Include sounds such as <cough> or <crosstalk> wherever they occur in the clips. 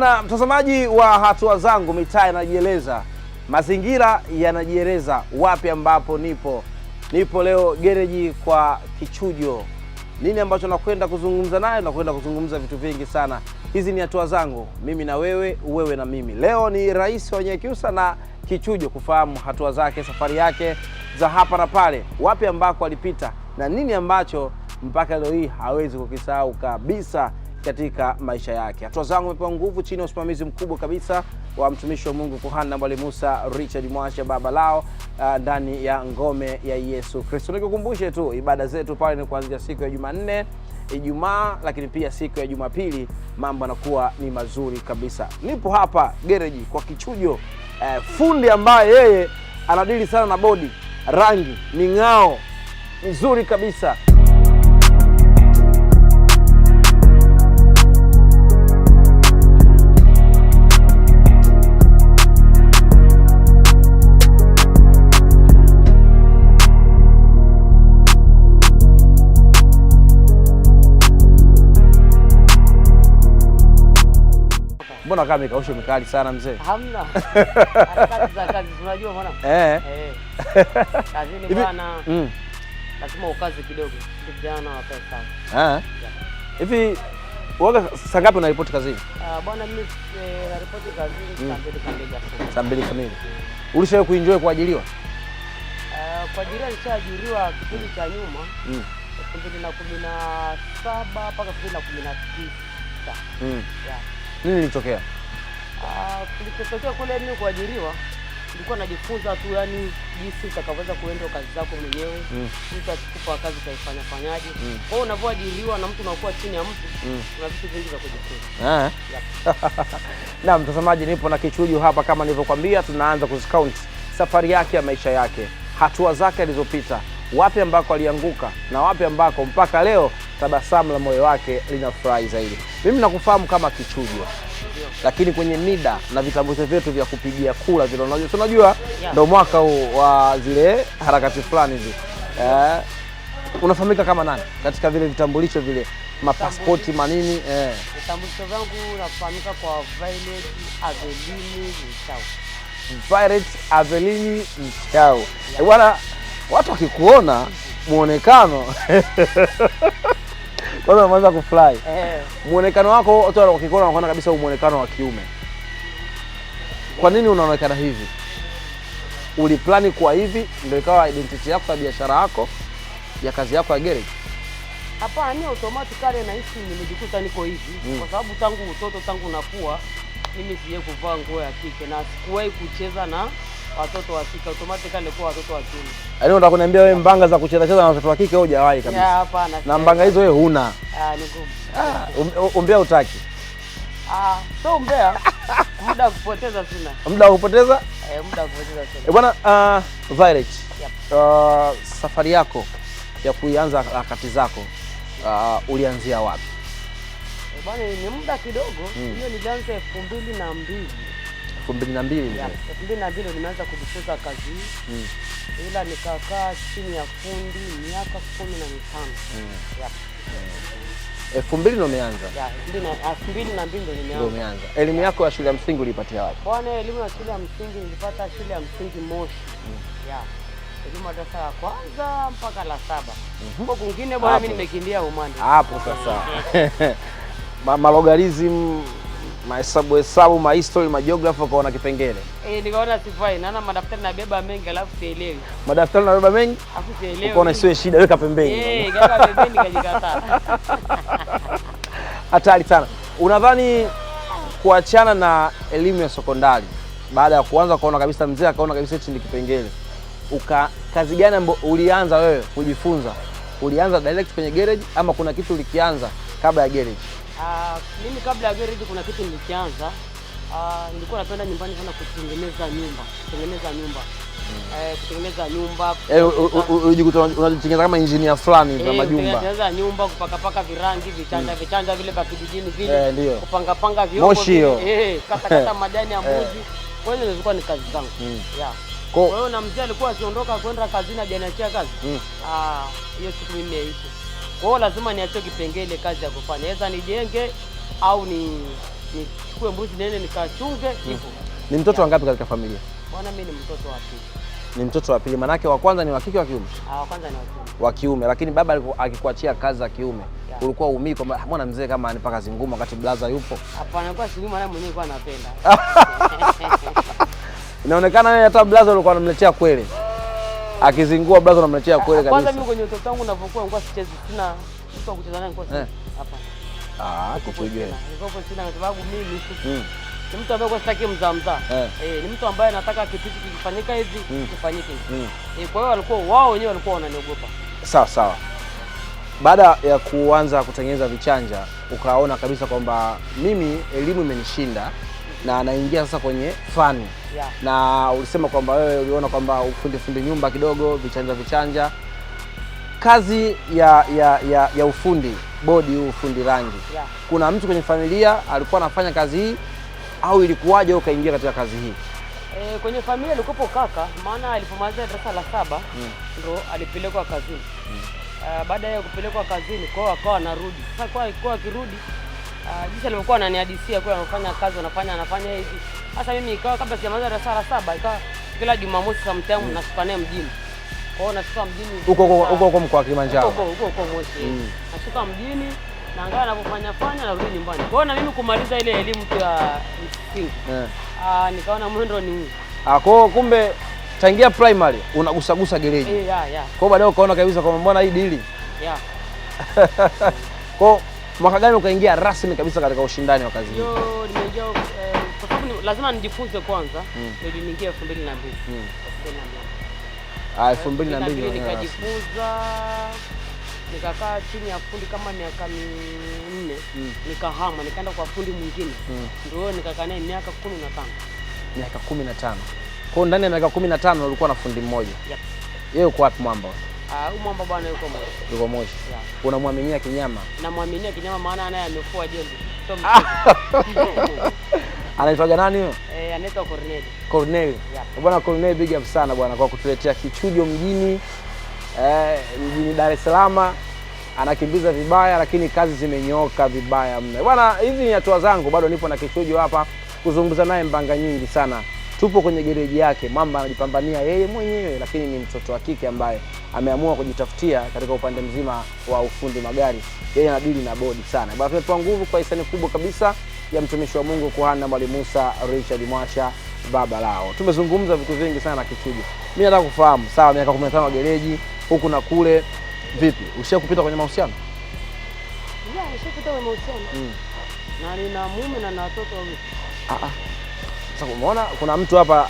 Bwana mtazamaji wa hatua zangu, mitaa yanajieleza, mazingira yanajieleza, wapi ambapo nipo. Nipo leo gereji kwa Kichujo. Nini ambacho nakwenda kuzungumza naye? Nakwenda kuzungumza vitu vingi sana. Hizi ni hatua zangu, mimi na wewe, wewe na mimi. Leo ni rais wa Nyakyusa na Kichujo, kufahamu hatua zake, safari yake za hapa na pale, wapi ambako alipita na nini ambacho mpaka leo hii hawezi kukisahau kabisa katika maisha yake. Hatua zangu mepewa nguvu chini ya usimamizi mkubwa kabisa wa mtumishi wa Mungu kuhani Nambale Musa Richard Mwasha baba lao uh, ndani uh, ya ngome ya Yesu Kristo. Nikukumbushe tu ibada zetu pale ni kuanzia siku ya Jumanne, Ijumaa, lakini pia siku ya Jumapili mambo yanakuwa ni mazuri kabisa. Nipo hapa gereji kwa kichujo eh, fundi ambaye yeye anadili sana na bodi, rangi, ng'ao nzuri kabisa Mbona kama imekausha mikali sana mzee? Hamna. <laughs> Harakati za kazi unajua bwana. Eh. eh. <laughs> Kazini bwana. Mm. Lazima ukaze kidogo. Vijana wa pesa. Eh. Hivi waga saa ngapi unaripoti kazini? Ah, bwana mimi na eh, naripoti kazini mm. saa mbili kamili asubuhi. Saa mbili kamili. Ulishawahi kuenjoy kuajiriwa? Eh, kuajiriwa nishaajiriwa kipindi cha nyuma. Mm. na 2017 mpaka 2019. Mm. Yeah. Nini ilitokea? Ah, kilichotokea uh, kule mimi kuajiriwa nilikuwa najifunza tu, yani jinsi utakavyoweza kuenda kazi zako mwenyewe mm. mtu akikupa kazi utaifanya fanyaje? mm. kwa hiyo unavyoajiriwa na mtu unakuwa chini ya mtu mm. una vitu vingi vya kujifunza eh? <laughs> Na mtazamaji, nipo na Kichuju hapa, kama nilivyokwambia, tunaanza kuzikaunti safari yake ya maisha yake, hatua zake alizopita wapi ambako alianguka na wapi ambako mpaka leo tabasamu la moyo wake linafurahi zaidi. Mimi nakufahamu kama Kichujo, lakini kwenye mida na vitambulisho vyetu vya kupigia kula vile, unajua tunajua ndo mwaka huu wa zile harakati fulani hizi eh, unafahamika kama nani katika vile vitambulisho vile mapaspoti manini eh. Vitambulisho vyangu nafahamika kwa Violet Avelini Mchau, Violet Avelini Mchau eh, bwana watu wakikuona muonekano <laughs> kwanza unaanza kufurahi eh. muonekano wako, watu wakikuona wanakuona kabisa huu muonekano wa kiume. Kwa nini unaonekana hivi? Uliplani kuwa hivi, ndio ikawa identity yako ya biashara yako ya kazi yako ya garage? Hapana, automatically naishi nimejikuta niko hivi mm. kwa sababu tangu utoto, tangu nakuwa mimi siye kuvaa nguo ya kike na sikuwahi kucheza na watoto wa kike automatically alikuwa watoto wa kiume. Yaani unataka kuniambia wewe mbanga za kucheza cheza na watoto wa kike wewe hujawahi kabisa? Yeah, hapana. Na mbanga hizo wewe huna. Ah, ni ngumu. Ah, um, um, umbea utaki. Ah, so umbea. <laughs> Muda kupoteza sina. Muda kupoteza? Eh, muda kupoteza sina. Eh, bwana uh, Violet. Yep. Uh, safari yako ya kuianza harakati zako uh, ulianzia wapi? Eh, bwana ni muda kidogo. Hmm. Hiyo mm. nilianza elfu mbili na mbili elfu mbili na mbili elfu mbili na mbili nimeanza kujifunza kazi hii mm. ila nikakaa chini ya fundi miaka kumi na mitano hmm. elfu mbili ndo umeanza? elfu mbili na mbili ndo nimeanza. Elimu yako ya shule ya msingi uliipatia wapi? Bwana, elimu ya shule ya msingi nilipata shule ya msingi Moshi mm. yeah elimu darasa la kwanza mpaka la saba mm -hmm. Kungine bwana mimi nimekimbia umande hapo sasa. <laughs> Malogarizimu mahesabu hesabu, mahistory, majiografia, ukaona kipengele eh, nikaona sifai, naona madaftari nabeba mengi, alafu sielewi. Madaftari nabeba mengi, alafu sielewi, ukaona isiwe shida, weka pembeni eh, pembeni, <laughs> Hatari sana. Unadhani kuachana na elimu ya sekondari baada ya kuanza kuona kabisa, mzee akaona kabisa hichi ni kipengele, uka kazi gani ambayo ulianza wewe kujifunza? Ulianza direct kwenye garage ama kuna kitu ulikianza kabla ya garage? Uh, mimi kabla ya garage kuna kitu nilikianza. Uh, nilikuwa napenda nyumbani sana kutengeneza nyumba, kutengeneza nyumba. Mm. Eh, kutengeneza nyumba. Eh, unajikuta unatengeneza kama engineer fulani za eh, majumba. Kutengeneza nyumba, kupaka paka virangi, vichanja mm. vichanja vile vya kijijini vile. Eh, kupanga panga vyombo. Moshi eh, <laughs> kata kata madani ya eh. mbuzi. Kwa hiyo nilikuwa ni kazi zangu. Mm. Yeah. Kwa hiyo na mzee alikuwa akiondoka kwenda kazini ajaniachia kazi. Ah, hiyo siku mimi naishi. Kwa hiyo lazima niachie kipengele kazi ya kufanya, naweza nijenge au ni nichukue mbuzi nene nikachunge hmm. hivyo. Ni mtoto wangapi katika familia? Bwana mimi ni mtoto wa pili. Ni mtoto wa pili, maanake wa kwanza ni wa kike, wa kiume? Ah, wa kwanza ni wa kiume. Wa kiume, lakini baba akikuachia kazi za kiume yeah. Ulikuwa umii kwamba ah, mbona mzee kama anipa kazi ngumu wakati blaza yupo? Hapana, kwa sababu mimi mwenyewe nilikuwa napenda. <laughs> Inaonekana wewe hata blaza ulikuwa unamletea kweli akizingua blaza unamletea kweli kabisa. Kwanza mimi kwenye utoto wangu ninapokuwa nilikuwa sichezi, sina mtu wa kucheza naye nilikuwa eh. Hapa. Ah, kichujio. Nilikuwa sina kwa sababu mimi hmm. ni mtu ambaye kwa sitaki mzaa mzaa. Eh. eh, ni mtu ambaye anataka kitu hmm. kifanyike hivi kifanyike hivi. Eh, kwa hiyo walikuwa wao wenyewe walikuwa wananiogopa. Sawa sawa. Baada ya kuanza kutengeneza vichanja ukaona kabisa kwamba mimi elimu imenishinda na anaingia sasa kwenye fani yeah. Na ulisema kwamba wewe uliona kwamba ufundi fundi nyumba kidogo vichanja vichanja kazi ya ya ya, ya ufundi bodi huu ufundi rangi yeah. Kuna mtu kwenye familia alikuwa anafanya kazi hii au ilikuwaje ukaingia katika kazi hii? E, kwenye familia alikuwepo kaka, maana alipomaliza darasa la saba mm. ndo alipelekwa kazini mm. Uh, baada ya kupelekwa kazini kwao akawa anarudi sasa, kwa akirudi Uh, jinsi alivyokuwa ananihadisia kwa anafanya kazi anafanya anafanya hivi. Sasa mimi ikawa kabla sijamaliza darasa la saba ikawa kila Jumamosi sometimes mm. nashuka naye mjini. Kwa nashuka mjini. Huko huko huko mkoa Kilimanjaro. Huko huko huko Moshi. Mm. Nashuka mjini na angaa anapofanya fanya narudi nyumbani. Kwa na mimi kumaliza ile elimu ya msingi. Yeah. Ah, nikaona mwendo ni huu. Ah, kwa kumbe tangia primary unagusagusa gereji. Eh, yeah, yeah. Kwa baadaye ukaona kabisa kwamba mbona hii dili? Yeah. <laughs> kwa mwaka gani ukaingia rasmi kabisa katika ushindani wa kazi hii? Nimeingia eh, kwa sababu lazima nijifunze kwanza, hmm. ili niingie 2002 hmm. ah, 2002 nikajifunza nikakaa chini ya fundi kama miaka minne mm. Nikahama nikaenda kwa fundi mwingine mm. Ndio nikakaa naye miaka 15. miaka 15. na Kwa hiyo ndani ya miaka 15 na ulikuwa na fundi mmoja yep. Yeye uko wapi mwamba? Ah, Umwamba bwana yuko Moshi. Yuko Moshi. Yeah. Unamwaminia Kinyama? Namwaminia Kinyama maana naye amefua jembe. <laughs> <laughs> Anaitwaga nani huyo? Eh, anaitwa Cornel. Cornel. Yeah. Eh, bwana Cornel, big up sana bwana kwa kutuletea kichujo mjini eh, mjini Dar es Salaam. Anakimbiza vibaya lakini kazi zimenyooka vibaya mno. Bwana, hizi ni hatua zangu bado nipo na kichujo hapa kuzungumza naye mbanga nyingi sana tupo kwenye gereji yake. Mamba anajipambania yeye mwenyewe, lakini ni mtoto wa kike ambaye ameamua kujitafutia katika upande mzima wa ufundi magari. Yeye anadili na bodi sana bwana. Tumepewa nguvu kwa hisani kubwa kabisa ya mtumishi wa Mungu kuhana mwalimu Musa Richard Mwacha baba lao. Tumezungumza vitu vingi sana Kichuja. Mimi nataka kufahamu, sawa, miaka 15 gereji huku na kule, vipi, ushia kupita kwenye mahusiano? Yeah, kupita kwenye mahusiano. Mm. Na nina mume na na watoto wawili. Ah ah. Sasa umeona kuna mtu hapa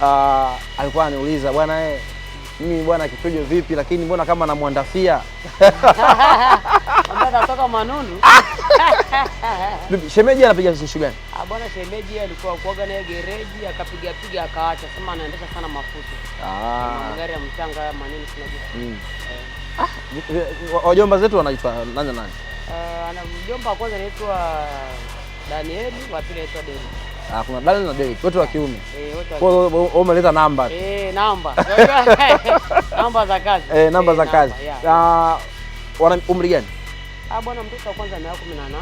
uh, alikuwa aniuliza bwana eh, mimi bwana kipigo vipi, lakini mbona kama namwandafia natoka Manundu <laughs> shemeji anapiga shughuli gani? Ah bwana, shemeji alikuwa kuoga naye gereji, akapiga piga akaacha, sema anaendesha sana mafuta ah, magari ya mchanga ya manini, sinajua mm. Eh. ah, wajomba zetu wanaitwa nani nani? Uh, mjomba wa kwanza anaitwa Danieli, wa pili anaitwa Deni. Ah, kuna Daniel na Derrick wote wa eh, kiume. Eh, wote. Kwa umeleta namba. Eh, namba. <laughs> Eh, namba za kazi. Eh, namba za eh, kazi. Ah, wana umri gani? Ah, bwana mtoto wa kwanza ana miaka 18.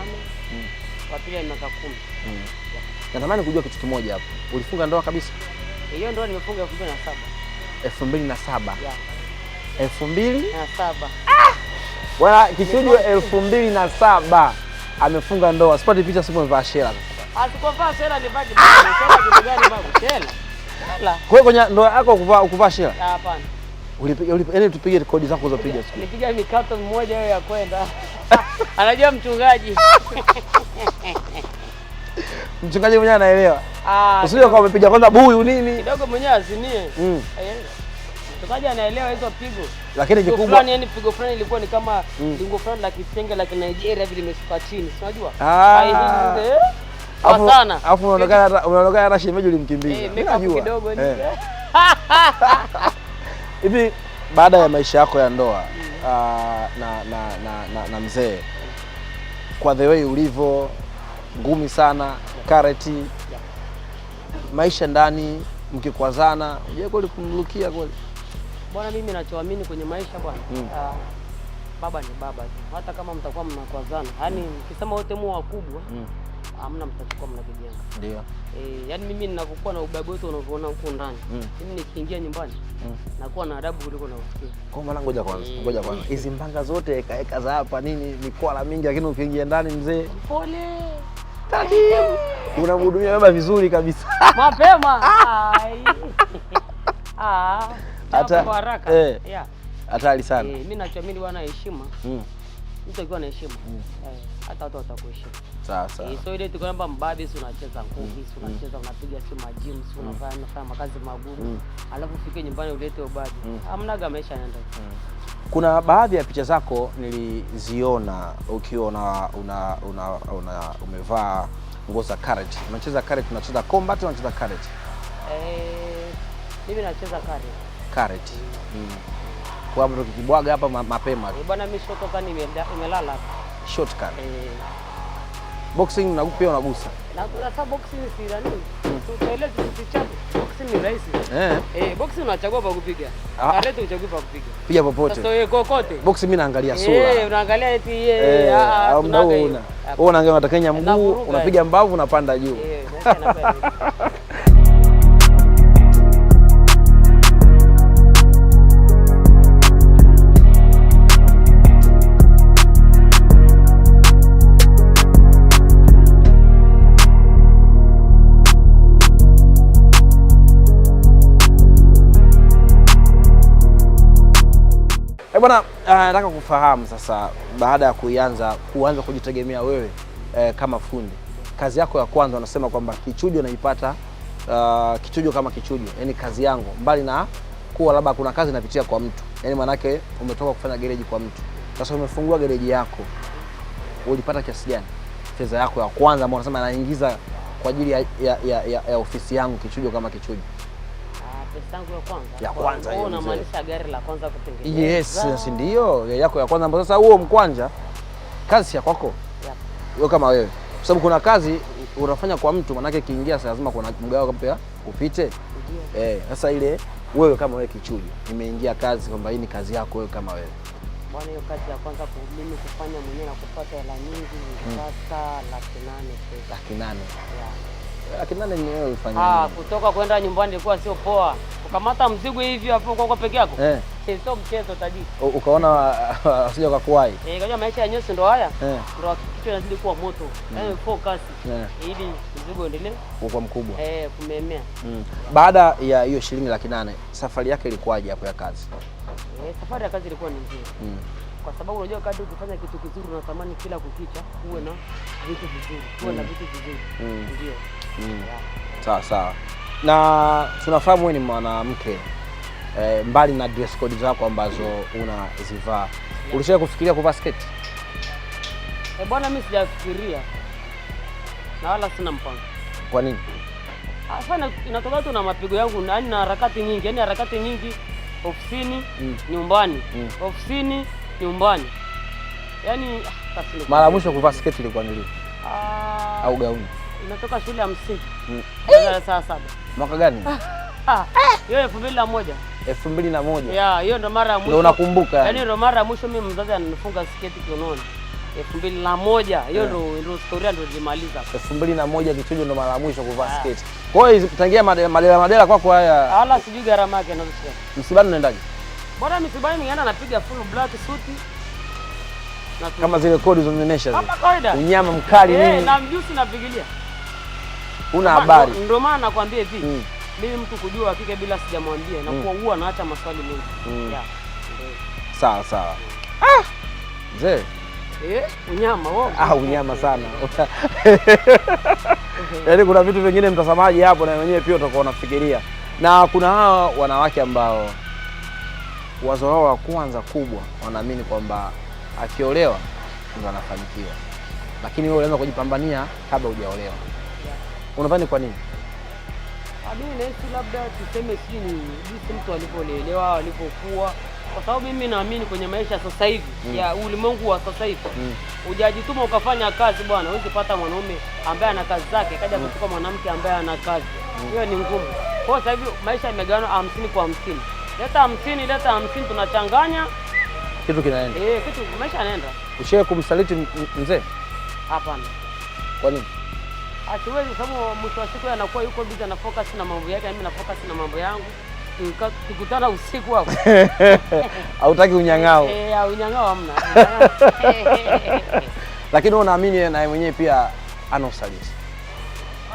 Mm. Wa pili ana miaka 10. Mm. Natamani kujua kitu kimoja hapo. Ulifunga ndoa kabisa? Hiyo ndoa nimefunga 2007. 2007. Yeah. 2007. Ah! Bwana Kichuju 2007 amefunga ndoa. Sipati picha, sipomvaa shela sasa. Asikuvaa shela ni bagi. Shela kitu gani babu? Shela. Shela. Kwa kwenye ndoa yako kuvaa ukuvaa shela? Hapana. Ulipiga ulipiga yani tupige rekodi zako ulizopiga siku. Nilipiga ni carton moja hiyo ya kwenda. <laughs> Anajua mchungaji. <laughs> Mchungaji mwenyewe anaelewa. Ah. Usije kwa umepiga kwanza buyu nini? Kidogo mwenyewe azinie. Mm. Mchungaji anaelewa hizo pigo. Lakini kikubwa fulani yani pigo fulani ilikuwa ni kama mm. lingo fulani la kitenge la Nigeria vile limeshuka chini. Unajua? Ah. Eh? Alafu unaonekana hata shemeji ulimkimbiza. Eh, Najua. Eh. <laughs> Hivi baada ya maisha yako ya ndoa uh, na, na, na, na, na mzee kwa the way ulivyo ngumi sana kareti, maisha ndani mkikwazana, je, kweli kumlukia kweli? Bwana, mimi nachoamini kwenye maisha bwana mm. Uh, baba ni baba tu, hata kama mtakuwa mnakwazana, yaani mkisema mm. wote mu wakubwa mm hamna mtachokuwa mnakijenga. Ndio. Eh, yani mimi ninavyokuwa na ubabu wote unavyoona huko ndani. Mm. Mimi nikiingia nyumbani mm. nakuwa na adabu kuliko na usikivu. Kwa maana ngoja kwanza, mm. ngoja kwanza. Hizi mbanga zote eka eka za hapa nini ni kwa la mingi lakini ukiingia ndani mzee. Pole. Taratibu. Unamhudumia baba vizuri kabisa. Mapema. <laughs> Ah! Ai. <laughs> Ah. Hata haraka. Eh. Yeah. Hatari sana. Eh, mimi nachoamini bwana heshima. Mm mtu akiwa na heshima mm. eh, hata watu watakuheshimu. Sasa eh, so ile tuko mbabe, si unacheza mm, ngumi, si mm. unacheza unapiga si majimu, si unafanya unafanya makazi magumu, alafu ufike nyumbani ulete ubabe, maisha yanaenda. Kuna baadhi ya picha zako niliziona ukiwa una, una, una, una umevaa nguo za karate. Unacheza karate, unacheza combat, unacheza karate? Eh, mimi nacheza karate. Karate. Mm kwa mtu kikibwaga hapa mapema tu. Eh, bwana mimi shotoka nimeenda nimelala hapa. Shortcut. Eh. Boxing na pia unagusa. Na kuna sababu boxing si rani. nini? Hmm. Tueleze kitu cha boxing ni rahisi. Eh. Eh, boxing unachagua pa kupiga. Kaleta ah. uchagui pa kupiga. Pia popote. Sasa yeye kokote. Boxing mimi naangalia eh, sura. Eh, unaangalia eti yeye eh, ah ah. Wewe unaangalia unatakanya mguu, unapiga mbavu unapanda juu. Eh, <laughs> bwana, eh, nataka uh, kufahamu sasa, baada ya kuianza kuanza kujitegemea wewe uh, kama fundi, kazi yako ya kwanza unasema kwamba kichujo naipata uh, eh, kichujo kama kichujo, yani kazi yangu mbali na kuwa labda kuna kazi inapitia kwa mtu, yani maanake umetoka kufanya gereji kwa mtu, sasa umefungua gereji yako, ulipata kiasi gani fedha yako ya kwanza ambayo unasema naingiza kwa ajili ya, ya, ya, ya, ya ofisi yangu kichujo kama kichujo? ya kwanza hiyo unamaanisha gari la kwanza kutengeneza. Yes, si ndio yako ya kwanza ambayo sasa huo mkwanja kazi si ya kwako yep. Wewe kama wewe kwa sababu kuna kazi unafanya kwa mtu manake kiingia lazima kuna mgao mpya upite eh, sasa eh, ile wewe kama wewe kichujo imeingia kazi kwamba hii ni kazi yako wewe kama wewe bwana, hiyo kazi ya kwanza mimi kufanya mwenyewe na kupata hela nyingi mm. sasa laki nane laki nane yeah laki nane ni wewe ufanya ah, kutoka kwenda nyumbani ilikuwa sio poa, ukamata mzigo hivi hapo kwa kwa peke yako eh. eh sio mchezo tadi, ukaona asije <laughs> kuwai. eh, kwa maisha ya nyosi ndo haya eh. Ndio kitu inazidi kuwa moto mm. Eh, focus eh. eh. Ili mzigo endelee kwa mkubwa eh, kumemea mm. Baada ya hiyo shilingi laki nane safari yake ilikuwaje hapo ya kazi? Eh, safari ya kazi ilikuwa ni nzuri mm kwa sababu unajua kadri ukifanya kitu kizuri unatamani kila kukicha uwe na vitu vizuri uwe mm. na vitu vizuri mm. ndio Mm. Sawa sawa, na tunafahamu wewe ni mwanamke e, mbali na dress code zako ambazo unazivaa, ulishawahi kufikiria kuvaa sketi? Eh, bwana mimi sijafikiria na wala sina mpango. Kwa nini? Ah, sana inatoka tu na mapigo yangu, yaani na harakati nyingi, yani harakati nyingi ofisini, mm. nyumbani mm. ofisini, nyumbani, yaani ah, mara mwisho kuvaa sketi ilikuwa ni lini ah. au gauni? Natoka shule ya msingi mm. eh! saa saba. Mwaka gani? <laughs> Ah. Eh! Hiyo elfu mbili na moja. Elfu mbili na moja. ya hiyo ndo mara ya mwisho. Ndio unakumbuka. Yaani ndo mara ya mwisho mimi mzazi ananifunga sketi kiunoni. Elfu mbili na moja. Hiyo eh. ndo ndo historia ndo nilimaliza. Elfu mbili na moja kichujo ndo mara ya mwisho kuvaa ah. sketi. Kwa hiyo tangia madela madela kwako haya. Hala sijui gharama yake ninazosikia. Msibani unaendaje? Bora msibani ningeenda napiga full black suit. Kama zile kodi zinaonyesha. Kama kawaida. Unyama mkali nini? na mjusi napigilia una habari. Ndio maana nakwambia hivi mm. mimi mtu kujua hakika bila sijamwambia na mm. kwa huwa anaacha maswali mengi mm. yeah. sawa sawa ah! Mzee eh, unyama wao. Ah, unyama sana eh. <laughs> yaani kuna vitu vingine mtazamaji hapo na wenyewe pia utakuwa unafikiria, na kuna hawa wanawake ambao wazo wao wa kwanza kubwa wanaamini kwamba akiolewa ndo anafanikiwa, lakini wewe unaweza kujipambania kabla hujaolewa. Unadhani kwa nini? Mimi nahisi labda tuseme, si ni jinsi mtu alivyolelewa, alivyokuwa, kwa sababu mimi naamini kwenye maisha sasa hivi mm. ya ulimwengu wa sasa hivi mm. ujajituma ukafanya kazi bwana, huwezi pata mwanaume ambaye ana kazi zake kaja mm. kuchukua mwanamke ambaye ana kazi mm. hiyo, mm. ni ngumu. Kwa sasa hivi maisha yamegawana hamsini kwa hamsini, leta hamsini, leta hamsini, tunachanganya kitu kinaenda eh, kitu maisha yanaenda. Ushawahi kumsaliti mzee? Hapana. Kwa nini? hatuwezi kwa sababu mwisho wa siku anakuwa yuko busy ana focus na mambo yake, mimi na focus na mambo yangu. Tukutana usiku hapo. <laughs> Hautaki unyang'ao. Eh, unyang'ao hamna. <laughs> Lakini wewe unaamini yeye mwenyewe pia ana usaliti.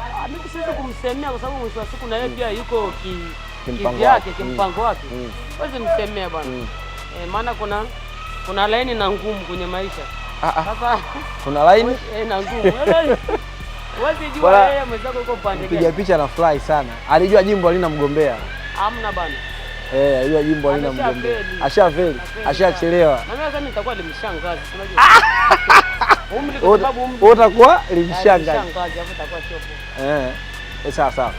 Ah, mimi siwezi kumsemea kwa sababu mwisho wa siku na yeye mm. pia yuko ki kimpango yake, kimpango mm. wake. Mm. Siwezi kumsemea bwana. Eh, maana kuna kuna laini na ngumu kwenye maisha. Ah, ah. Sasa kuna laini eh, na ngumu. <laughs> Mpiga picha fly sana, alijua jimbo halina mgombea. Hamna bana. Eh, alijua jimbo halina mgombea, ashafeli, ashachelewa. <laughs> Utakuwa limshangazi. Eh, eh, eh, sawa sawa.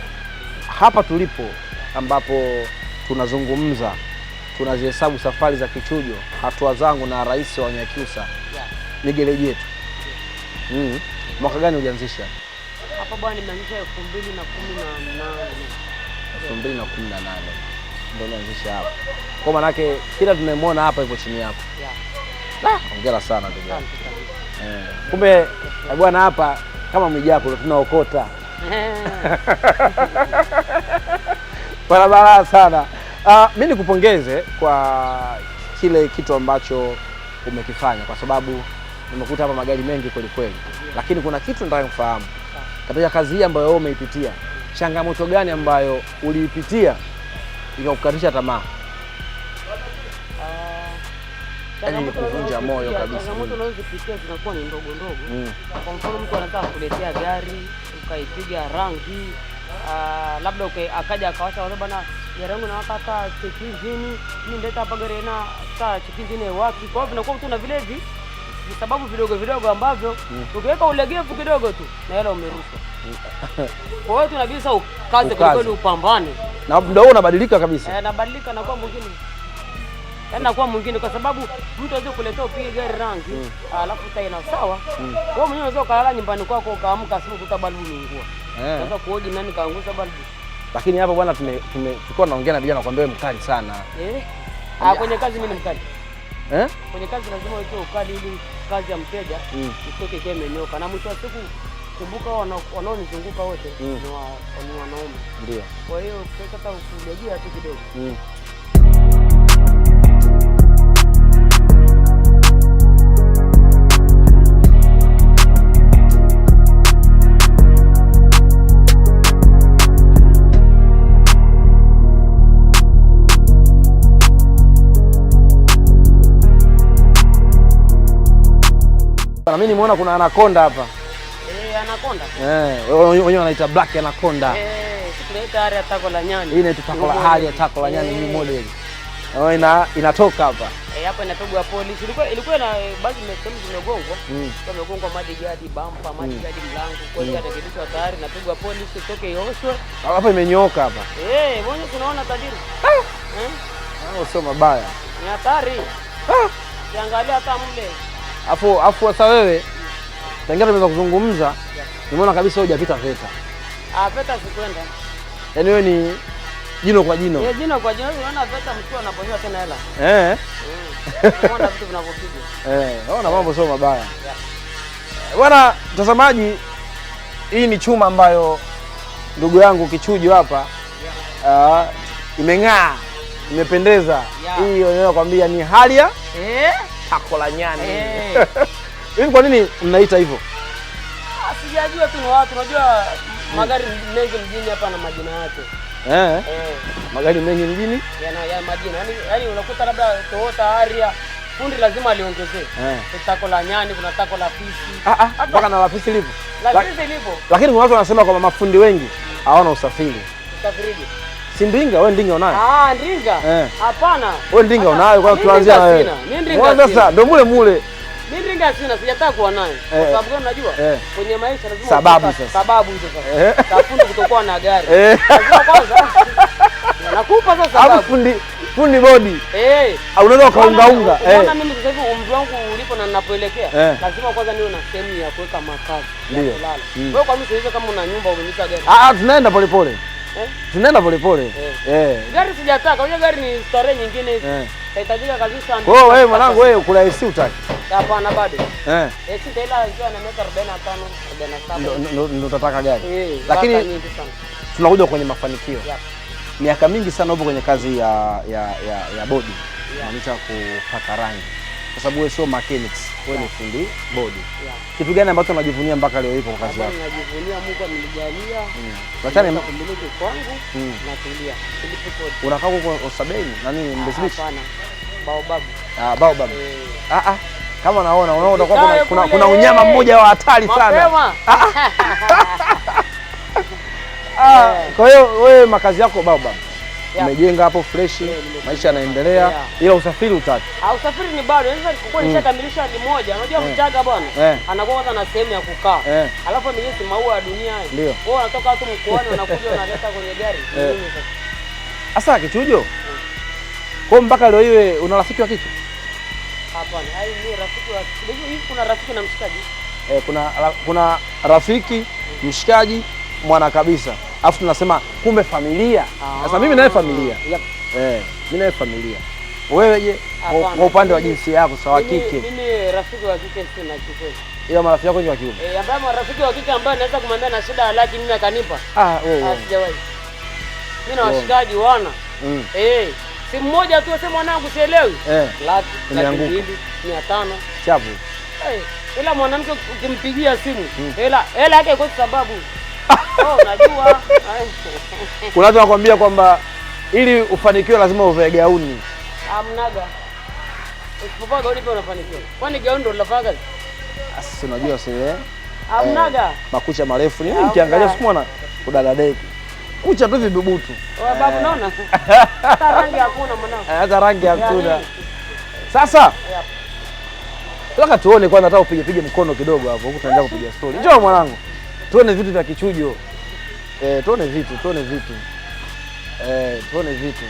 Hapa tulipo ambapo tunazungumza tunazihesabu safari za kichujo, hatua zangu na rais wa Nyakyusa, ni gereji yetu. Hmm. Mwaka gani ulianzisha? hapa bwana, nimeanzisha elfu mbili na kumi na nane elfu mbili na kumi na nane ndio nianzisha hapa kwa manake kila tumemwona hapa hivyo chini yako yeah. Hongera sana ndugu yangu eh. Kumbe eh, bwana hapa kama Mwijaku tunaokota <laughs> barabara sana. Uh, mi nikupongeze kwa kile kitu ambacho umekifanya kwa sababu nimekuta hapa magari mengi kweli kweli, lakini kuna kitu nataka kufahamu katika kazi hii ambayo wewe umeipitia, changamoto gani ambayo uliipitia ikakukatisha tamaa? Ah, yaani kuvunja moyo kabisa. Changamoto unazozipitia zinakuwa ni ndogo ndogo. Mm. Kwa mfano, mtu anataka kuletea gari ukaipiga rangi ah, labda akaja akawacha wale bana gari yangu nawaka hata chekizini, engine, mimi ndeta hapa gari na saa chekizini wapi? Kwa hiyo vinakuwa tu na vilevi sababu vidogo vidogo ambavyo mm. ukiweka ulegevu kidogo tu na hela umerushwa. Mm. Kwa hiyo tunabidi sasa ukaze kwa kweli, upambane na ndio huo unabadilika kabisa, Eh, nabadilika na nakuwa mwingine yaani eh, nakuwa mwingine, kwa sababu mtu aweze kuletea upige gari rangi mm. alafu taina sawa. Mm. Wewe mwenyewe unaweza ukalala nyumbani kwako ukaamka asubuhi kuta balbu imeungua, eh. Sasa kuoji nani kaangusha balbu. Lakini hapa bwana, tume tume, naongea na vijana, nakwambia wewe mkali sana Eh? Ah, kwenye kazi. Mimi ni mkali eh? Kwenye kazi lazima uwe ukali ili kazi ya mteja mm. isitoke ikiwa imenyoka, na mwisho wa siku kumbuka wanaonizunguka wote mm. ni wanaume. Ndio. Kwa hiyo sasa ukujajia tu kidogo mm. hapa, mimi nimeona kuna anaconda hapa Eh, Eh, wenyewe wanaita black anaconda. Eh, hii inaitwa tako la hali ya tako la nyani, hii model Oh, ina inatoka hapa eh, hapa inapigwa polisi. Ilikuwa ilikuwa na eh, basi mmesema zimegongwa, hmm. kwa megongwa maji jadi bampa maji hmm. jadi mlango, kwa hiyo hmm. atakilishwa tayari napigwa polisi toke ioshwe hapa, imenyoka hapa eh, mbona tunaona tajiri eh, Ah, sio mabaya, ni hatari ah, kiangalia hata mbele. Afu afu sasa wewe tangia tumeweza kuzungumza nimeona kabisa wewe hujapita VETA. Ah, VETA sikwenda. Yaani wewe ni jino kwa jino. Eh, jino kwa jino. Unaona VETA mtu anabonywa tena hela. Eh. eh unaona vitu vinavyopiga. <laughs> Eh, unaona mambo sio mabaya. Eh, bwana mtazamaji, hii ni chuma ambayo ndugu yangu Kichuji hapa yeah. Uh, imeng'aa, imependeza. Hii unakwambia ni hali ya eh tako la nyani hivi. Kwa nini mnaita hivyo? Ah, sijajua tu watu, unajua magari mengi mjini hapa na majina yake eh, eh. Magari mengi mjini yana ya majina yani, yani unakuta labda Toyota Harrier fundi lazima aliongezee eh. Tako la nyani, kuna tako la fisi ah, ah, mpaka na la fisi lipo, lakini kuna watu wanasema kwamba mafundi wengi hawana usafiri usafiri si ndinga? Wewe ndinga unayo? Ah, ndinga. Eh. Hapana. Wewe ndinga unayo kwa tuanzia na wewe. Wewe sasa ndio mule mule. Mimi ndinga sina, sijataka kuwa naye. Kwa eh. sababu gani unajua? Eh. Kwenye maisha lazima sababu sasa. Sababu hizo sasa. Eh. Tafuta kutokuwa na gari. Eh. Lazima kwanza. Nakupa sasa sababu. Fundi fundi bodi. Eh. Au unaweza kaunga unga. Eh. Mbona mimi sasa hivi umri wangu ulipo na ninapoelekea, eh. lazima kwanza niwe na sehemu ya kuweka makazi. Ndio. Hmm. Wewe kwa mimi sasa kama una nyumba umenipa gari. Ah, ah tunaenda polepole. Zinaenda polepole eh. eh. Gari sijataka, unajua gari ni story nyingine hizi eh. kabisa. Kwa hiyo wewe mwanangu, wewe kula AC utaki? Hapana, bado eh, AC tena ikiwa na miaka 45 47 ndio tutataka gari eh, lakini tunakuja kwenye mafanikio Miaka mingi sana upo kwenye kazi ya ya ya, ya bodi yeah. Maanisha kupaka rangi kwa sababu wewe sio mechanics, wewe ni fundi bodi. Kitu gani ambacho unajivunia mpaka leo hii kwa kazi yako? Najivunia Mungu amenijalia. Mm. Unachana kumiliki kwangu mm. na kulia. Unakaa huko Osabeni na nini Mbezi Beach? Hapana. Baobab. Ah, Baobab. Eh. Ah ah. Kama naona unaona kuna kuna, kuna unyama mmoja wa hatari sana. Ah. ah. <laughs> ah. Kwa hiyo wewe makazi yako Baobab umejenga hapo fresh, maisha yanaendelea, ila usafiri utaki Ah, usafiri ni bado, sasa, nilikuwa mm. nishakamilisha ni moja. Unajua mm. Mchaga bwana eh. anakuwa kwanza na sehemu ya kukaa, eh. alafu mwenyewe si maua ya dunia hii ndio wao wanatoka watu mkoani wanakuja wanaleta <laughs> kwenye gari. Eh. Sasa kichujo mm. kwa mpaka leo iwe una rafiki wa kichwa? Hapana, hai ni rafiki wa kichwa hivi, kuna rafiki na mshikaji eh, kuna kuna rafiki mshikaji mwana kabisa afu tunasema kumbe familia. Sasa mimi naye familia, ah. eh, mimi naye familia. Wewe je, kwa upande wa jinsi yako, sawa kike? Mimi rafiki wa kike sina kikweli, ila marafiki yako ni wa kiume eh, ambaye marafiki wa kike ambaye naweza kumwambia na shida laki mimi akanipa, ah, wewe oh, sijawahi. Mimi na washikaji wana mm. eh, si mmoja tu, sema mwanangu, sielewi eh, laki laki mbili mia tano chapu eh, ila mwanamke ukimpigia simu mm. hela hela yake kwa sababu oh, unajua kuna watu wanakuambia kwamba ili ufanikiwe lazima uvae gauni. Amnaga Usipovaa gauni pia unafanikiwa. Kwani gauni ndio linafanya kazi? Sasa unajua sile. Eh? eh, Makucha marefu ni yaani ukiangalia siku mwana kudadadeki. Kucha tu vibubutu. Wewe babu naona eh. Hata rangi hakuna mwanangu. Eh, hata rangi hakuna. Yaani. Sasa Nataka tuone kwanza, nataka upige pige mkono kidogo hapo huko, tunaenda kupiga story. Njoo mwanangu tuone vitu vya kichujo e, tuone vitu tuone vitu e, tuone vitu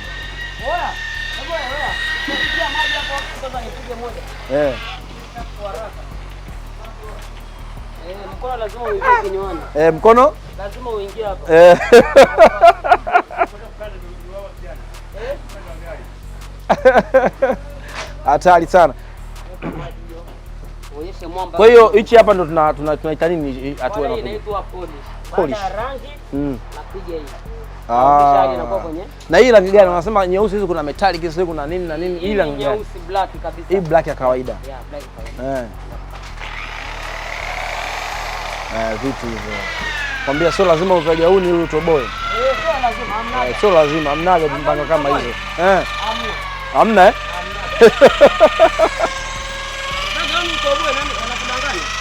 e. Mkono lazima uingie ah! kinywani. Eh, mkono? Lazima uingie hapo. Eh. <laughs> Hatari sana. Kwa hiyo hichi hapa ndo tunaita tuna nini hatua ile inaitwa polish. Rangi mm. napiga hii. Ah. Na hii rangi gani? Wanasema nyeusi hizo kuna metallic hizo kuna nini na nini? Hii rangi nyeusi black kabisa. Hii black ya kawaida. Yeah, black kawaida. Eh. Eh, vitu hivyo. Kwambia sio lazima uzagauni ili utoboe. Eh, sio lazima amnaga. Eh, sio lazima amnaga mbanga kama hizo. Eh. Amna. Amna eh? Amna. <laughs>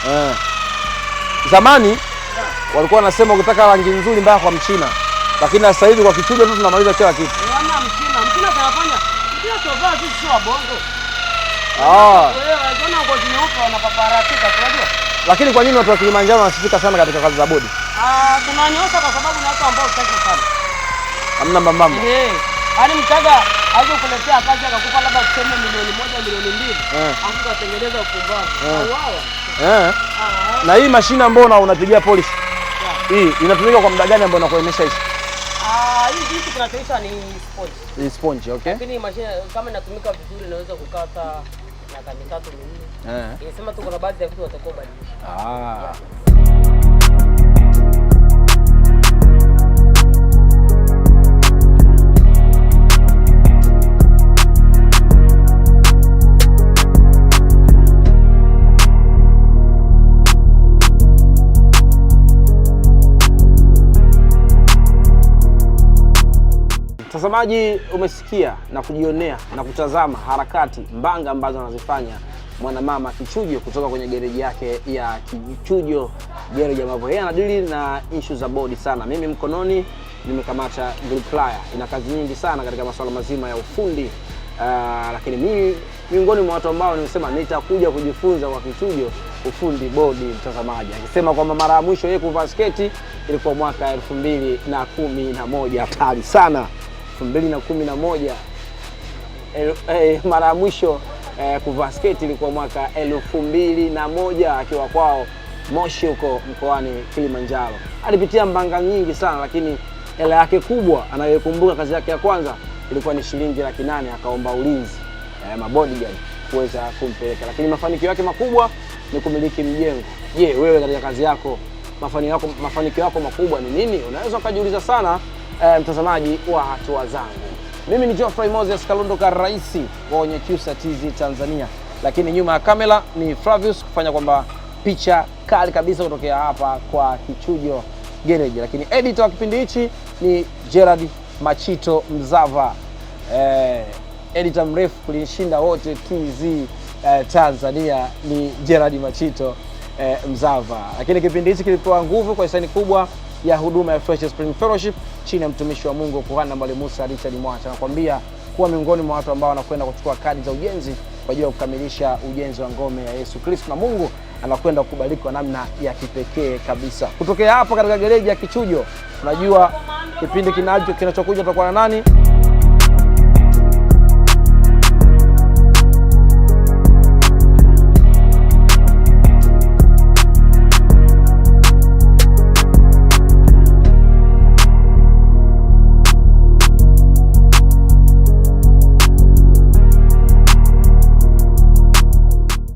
Eh. Zamani walikuwa wanasema ukitaka rangi nzuri mbaya kwa Mchina, lakini sasa hivi kwa kichuja tu tunamaliza kila kitu. Lakini kwa nini watu wa Kilimanjaro wanasifika sana katika kazi za bodi? Ah, Hamna Eh. Yaani mtaga aje kukuletea kazi akakupa labda tuseme milioni moja milioni mbili, eh. alafu katengeneza ukumbavu. Eh. Au wao Eh. Na hii mashine ambayo una unapigia polish. Hii inatumika kwa muda gani ambao unakuemesha hizi? Ah, hii kitu kinachoisha ni sponge. Ni sponge, okay. Lakini mashine kama inatumika vizuri inaweza kukata miaka mitatu minne. Eh. Inasema tu kuna baadhi ya vitu watakuwa badilisha. Ah. Yeah. Mtazamaji, umesikia na kujionea na kutazama harakati mbanga ambazo anazifanya mwanamama Kichujo kutoka kwenye gereji yake ya Kichujo gereji, ambapo yeye anadili na issue za bodi sana. Mimi mkononi nimekamata drill plier, ina kazi nyingi sana katika masuala mazima ya ufundi uh, lakini mimi miongoni mwa watu ambao nimesema nitakuja kujifunza kwa Kichujo ufundi bodi, mtazamaji, akisema kwamba mara ya mwisho yeye kuvaa sketi ilikuwa mwaka elfu mbili na kumi na moja. Hatari sana elfu mbili na kumi na moja el, eh, mara ya mwisho eh, kuvaa sketi ilikuwa mwaka elfu mbili na moja akiwa kwao Moshi huko mkoani Kilimanjaro. Alipitia mbanga nyingi sana, lakini hela yake kubwa anayoikumbuka kazi yake ya kwanza ilikuwa ni shilingi laki nane akaomba ulinzi eh, mabodyguard kuweza kumpeleka, lakini mafanikio yake makubwa ni kumiliki mjengo. Je, wewe katika kazi yako mafanikio yako, mafanikio yako makubwa ni nini? Unaweza ukajiuliza sana uh, mtazamaji wa hatua zangu. Mimi ni Geoffrey Moses Kalunduka, rais wa wenye Kyusa TZ Tanzania, lakini nyuma ya kamera ni Flavius kufanya kwamba picha kali kabisa kutokea hapa kwa kichujo gereji, lakini editor wa kipindi hichi ni Gerard Machito Mzava eh, editor mrefu kulishinda wote TZ eh, Tanzania ni Gerard Machito eh, Mzava. Lakini kipindi hichi kilipewa nguvu kwa hisani kubwa ya huduma ya Fresh Spring Fellowship chini ya mtumishi wa Mungu kuhani Mwalimu Musa Richard Mwacha, anakuambia kuwa miongoni mwa watu ambao wanakwenda kuchukua kadi za ujenzi kwa ajili ya kukamilisha ujenzi wa ngome ya Yesu Kristo, na Mungu anakwenda kukubalika namna ya kipekee kabisa. Kutokea hapa katika gereji ya Kichujo, unajua kipindi kinacho kinachokuja tutakuwa na nani?